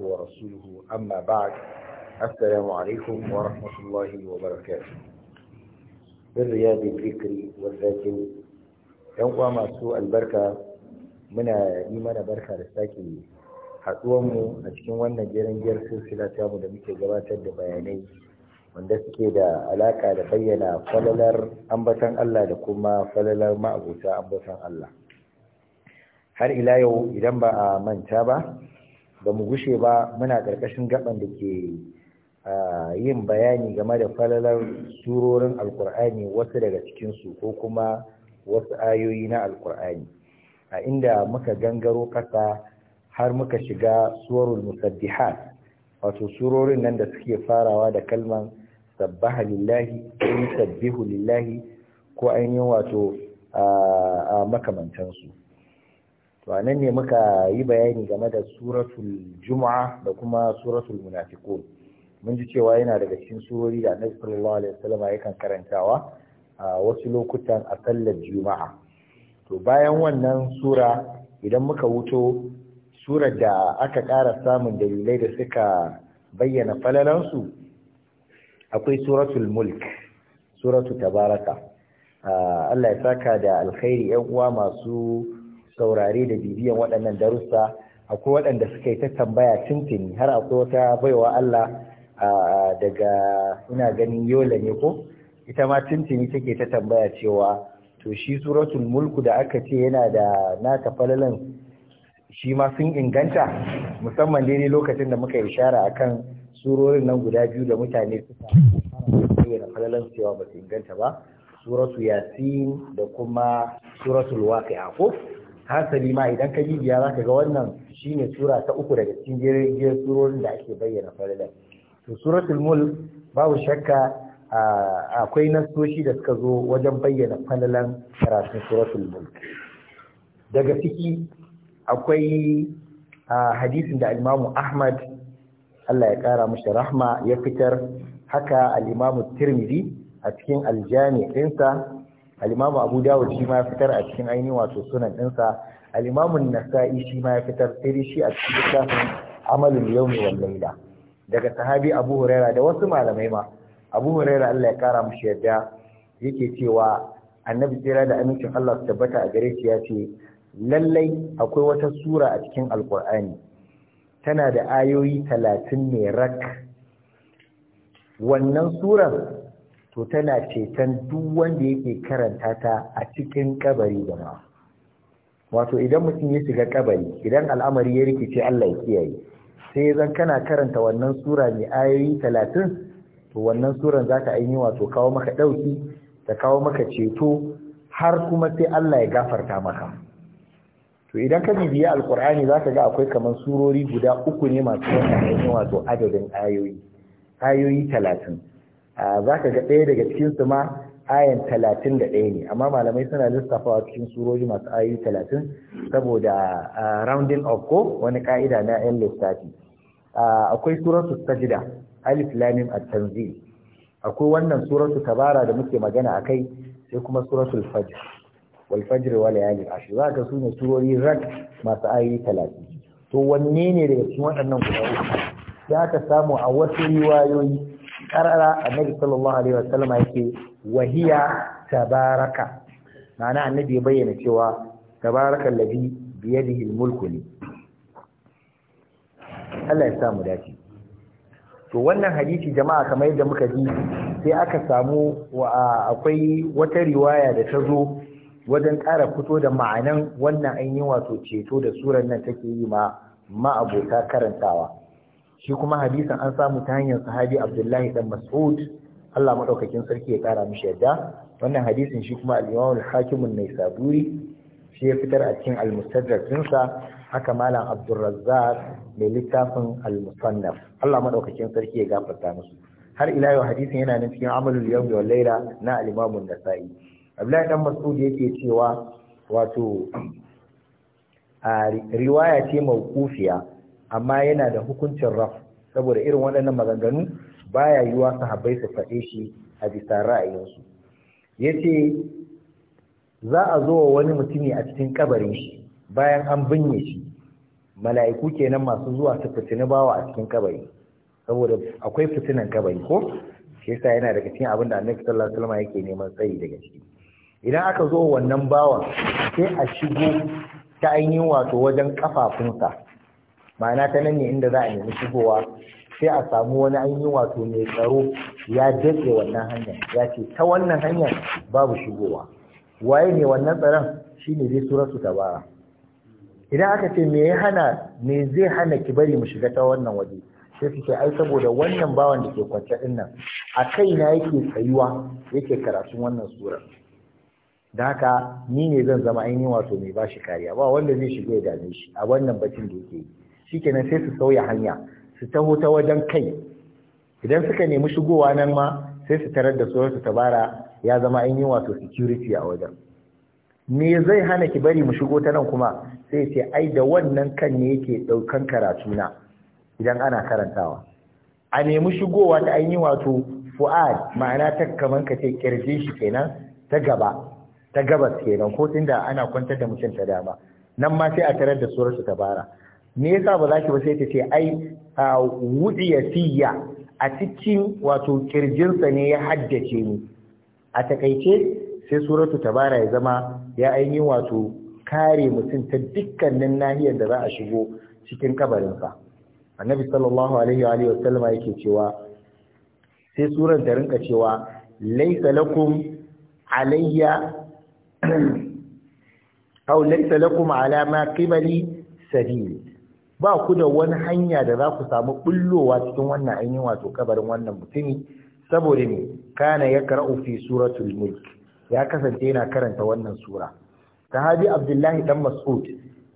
ورسوله أما بعد السلام عليكم ورحمة الله وبركاته بالرياض الذكري والذاكري ينقوى مع سوء البركة من إيمان بركة للساكي mu a cikin wannan jirangiyar silsila mu da muke gabatar da bayanai wanda suke da alaƙa da bayyana falalar ambatan Allah da kuma falalar ma'abota ambatan Allah har ila yau idan ba a manta ba ba mu gushe ba muna ƙarƙashin gaban da ke yin bayani game da falalar surorin alkur'ani wasu daga cikinsu ko kuma wasu ayoyi na alkur'ani a inda muka gangaro ƙasa har muka shiga suwarul musabbihat wato surorin nan da suke farawa da kalman sabbaha lillahi ko sabbihu lillahi ko ainihin wato a makamantansu to anan ne muka yi bayani game da suratul juma'a da kuma suratul munafiqun mun ji cewa yana daga cikin surori da annabi sallallahu alaihi wasallam yakan karantawa a wasu lokutan a sallar juma'a to bayan wannan sura idan muka wuto surar da aka ƙara samun dalilai da suka bayyana falalansu akwai suratul mulk suratu tabaraka Allah ya saka da alkhairi yan uwa masu saurare da bibiyan waɗannan darussa akwai waɗanda suka yi ta tambaya tuntuni har akwai wata baiwa Allah daga ina ganin yola ne ko ita ma tuntuni take ta tambaya cewa to shi suratul mulku da aka ce yana da nata falalan shi ma sun inganta musamman dai daidai lokacin da muka ishara akan surorin nan guda biyu da mutane suka bayyana falalan cewa ba su inganta ba suratu yasin da kuma suratul waqi'a ko hasali ma idan ka bibiya za ka ga wannan shine sura ta uku daga cikin jirage surorin da ake bayyana farilan to suratul mulk babu shakka akwai nasoshi da suka zo wajen bayyana falalan karatun suratul mulk daga ciki akwai hadisin da alimamu ahmad Allah ya kara mashi rahma ya fitar haka alimamu tirmidhi a cikin aljami ɗinsa al-imamu abu dawud shi ma ya fitar a cikin ainihin wato sunan ɗinsa al-imamu nasa'i shi ma ya fitar sai shi a cikin littafin amalul yawmi wal layla daga sahabi abu huraira da wasu malamai ma abu huraira Allah ya kara mishi yadda yake cewa annabi tsira da amincin Allah su tabbata a gare shi ya ce lallai akwai wata sura a cikin alkur'ani tana da ayoyi talatin ne rak wannan suran to tana ceton duk wanda yake karanta ta a cikin kabari ma wato idan mutum ya shiga kabari idan al'amari ya rikice Allah ya kiyaye sai zan kana karanta wannan sura mai ayoyi talatin to wannan suran za ta ainihi wato kawo maka ɗauki ta kawo maka ceto har kuma sai Allah ya gafarta maka to idan ka bibiya alkur'ani za ka ga akwai kamar surori guda uku ne masu wannan ainihin wato adadin ayoyi ayoyi talatin za ka ga ɗaya daga cikinsu ma ayan talatin da ɗaya ne amma malamai suna lissafawa cikin surori masu ayoyi talatin saboda rounding of ko wani ka'ida na yan lissafi akwai suratu sajida alif lamim at tanzil akwai wannan suratu tabara da muke magana akai sai kuma suratul fajr wal fajr wa layalin ashir za ka sune surori rak masu ayoyi talatin to wanne ne daga cikin waɗannan guda uku sai ka samu a wasu riwayoyi karara annabi sallallahu alaihi sallama yake wahiya tabaraka ma'ana annabi ya bayyana cewa tabarakal ladhi bi yadihi mulku ne Allah ya samu dace to wannan hadisi jama'a kamar yadda muka ji sai aka samu akwai wata riwaya da ta zo wajen ƙara fito da ma'anan wannan ainihin wato ceto da surar nan take yi ma ma'abota karantawa shi kuma hadisin an samu ta hanyar sahabi abdullahi dan mas'ud Allah madaukakin sarki ya kara mishi yadda wannan hadisin shi kuma al-imam al-hakim an-naisaburi shi ya fitar a cikin al-mustadrak dinsa haka malam abdurrazzaq mai littafin al-musannaf Allah madaukakin sarki ya gafarta musu har ila yau hadisin yana nan cikin amalul yawmi wal layla na al-imam an-nasa'i Abdullahi dan Mas'ud yake cewa wato a riwaya ce mawqufiya amma yana da hukuncin raf saboda irin waɗannan maganganu baya yiwa sahabbai su faɗe shi a bisa ra'ayinsu Ya ce za a zo wa wani mutumi a cikin kabarin shi bayan an binne shi mala'iku kenan masu zuwa su fitini bawa a cikin kabari saboda akwai fitinan kabari ko shi yasa yana daga cikin abin da annabi sallallahu alaihi wasallam yake neman tsayi daga ciki idan aka zo wannan bawa sai a shigo ta ainihin wato wajen kafafunsa ma'ana ta nan ne inda za a nemi shigowa sai a samu wani an yi wato mai tsaro ya daɗe wannan hanyar ya ce ta wannan hanyar babu shigowa waye ne wannan tsaron shi ne zai ta tabara idan aka ce me ya hana me zai hana ki bari mu shiga ta wannan waje sai su ce ai saboda wannan bawan da ke kwance din nan a na yake tsayuwa yake karatun wannan sura da haka ni ne zan zama ainihin wato mai bashi kariya ba wanda zai shiga ya dame shi a wannan bacin da yake yi shikenan sai su sauya hanya su taho ta wajen kai idan suka nemi shigowa nan ma sai su tarar da su tabara ya zama an yi wato security a wajen me zai hana ki bari mu shigo ta nan kuma sai ce ai da wannan kan ne yake daukan karatuna idan ana karantawa a nemi shigowa ta an yi wato fu'ad ma'ana ta kaman ka ce kirje shi kenan ta gaba ta gabas kenan ko tunda ana kwantar da mutum ta dama nan ma sai a tarar da su tabara me yasa ba za ki ba sai ta ce ai a wudiya fiya a cikin wato kirjinsa ne ya haddace ni a takaice sai suratu tabara ya zama ya ainihin wato kare mutum ta dukkanin nahiyar da za a shigo cikin kabarinsa annabi sallallahu alaihi wa alihi wasallama yake cewa sai suran ta rinka cewa laysa lakum alayya aw laysa lakum ala ma qibali sabil ba ku da wani hanya da za ku samu bullowa cikin wannan ainihin wato kabarin wannan mutumi saboda ne kana ya kara'u fi suratul mulk ya kasance yana karanta wannan sura haji abdullahi dan mas'ud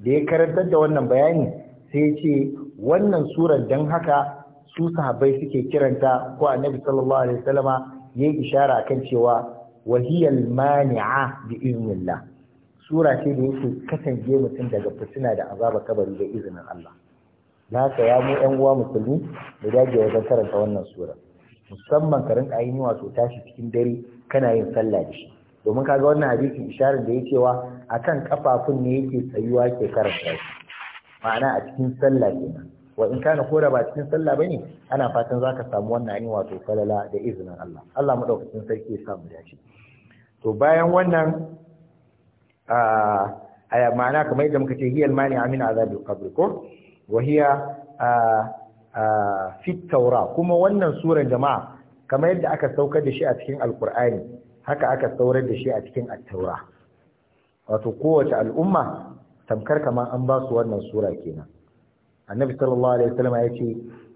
da ya karantar da wannan bayani sai ce wannan surar dan haka su sahabai suke kiranta ko annabi sallallahu alaihi wasallama yayi ishara kan cewa wahiyal mani'a bi iznillah sura ce da yake kasance mutum daga fitina da azaba kabari da izinin Allah da haka ya mu yan uwa musulmi da dage wajen karanta wannan sura musamman ka rinka yin wato tashi cikin dare kana yin sallah da shi domin kaga wannan hadisi isharar da yake wa akan kafafun ne yake tsayuwa ke karanta shi ma'ana a cikin sallah kenan wa in kana kora ba cikin sallah bane ana fatan zaka samu wannan ainihin wato falala da izinin Allah Allah madaukakin sarki ya samu dace to bayan wannan Aya ma'ana kamar yadda muka ce hiyal mani Amina azabil qabr ko wa hiya kuma wannan suran jama'a kamar yadda aka saukar da shi a cikin alkur'ani haka aka saurar da shi a cikin taura wato kowace al'umma tamkar kamar an ba su wannan sura kenan annabi sallallahu alaihi wasallam ya ce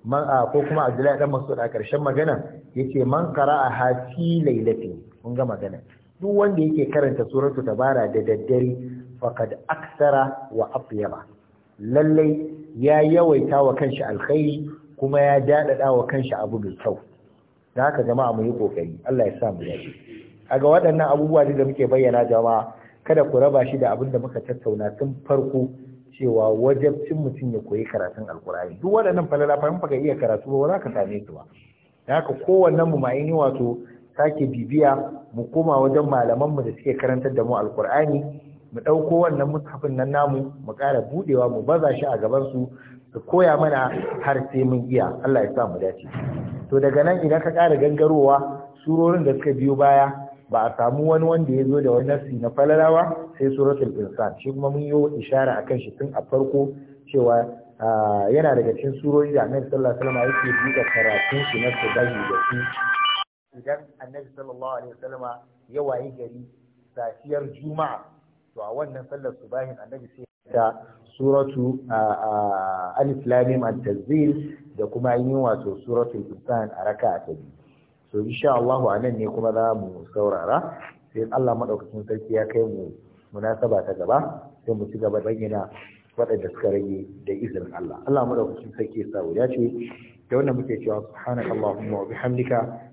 man a ko kuma abdullahi dan mas'ud a karshen magana yace man qara'a hafi lailati kun ga magana duk wanda yake karanta suratu tabara da daddare faqad aksara wa afyaba lallai ya yawaita wa kanshi alkhairi kuma ya dadada wa kanshi abu mai kyau da haka jama'a mu yi kokari Allah ya sa mu dace kaga waɗannan abubuwa da muke bayyana jama'a kada ku raba shi da abin da muka tattauna tun farko cewa wajabcin mutum ya koyi karatun alkur'ani duk waɗannan falala fa in baka iya karatu ba za ka same su ba da haka kowannen mu ma in yi wato sake bibiya mu koma wajen malamanmu da suke karantar da mu alkur'ani mu ɗauko wannan mushafin nan namu mu ƙara buɗewa mu baza shi a gabansu su koya mana har sai mun iya Allah ya sa mu dace to daga nan idan ka ƙara gangarowa surorin da suka biyo baya ba a samu wani wanda ya zo da wani nasi na falalawa sai suratul insan shi kuma mun yi ishara akan shi tun a farko cewa yana daga cikin surori da annabi sallallahu alaihi wasallam yake buɗe karatun shi na sadahi da su idan annabi sallallahu alaihi wasallama ya wayi gari safiyar juma'a to a wannan sallar subahin annabi sai ta suratu alif lamim at da kuma yin wato suratul insan a raka'a ta biyu so insha Allah a nan ne kuma za mu saurara sai Allah madaukakin sarki ya kai mu munasaba ta gaba sai mu ci gaba bayyana waɗanda suka rage da izinin Allah Allah madaukakin sarki ya sa wuya ce da wannan muke cewa subhanakallahumma wa bihamdika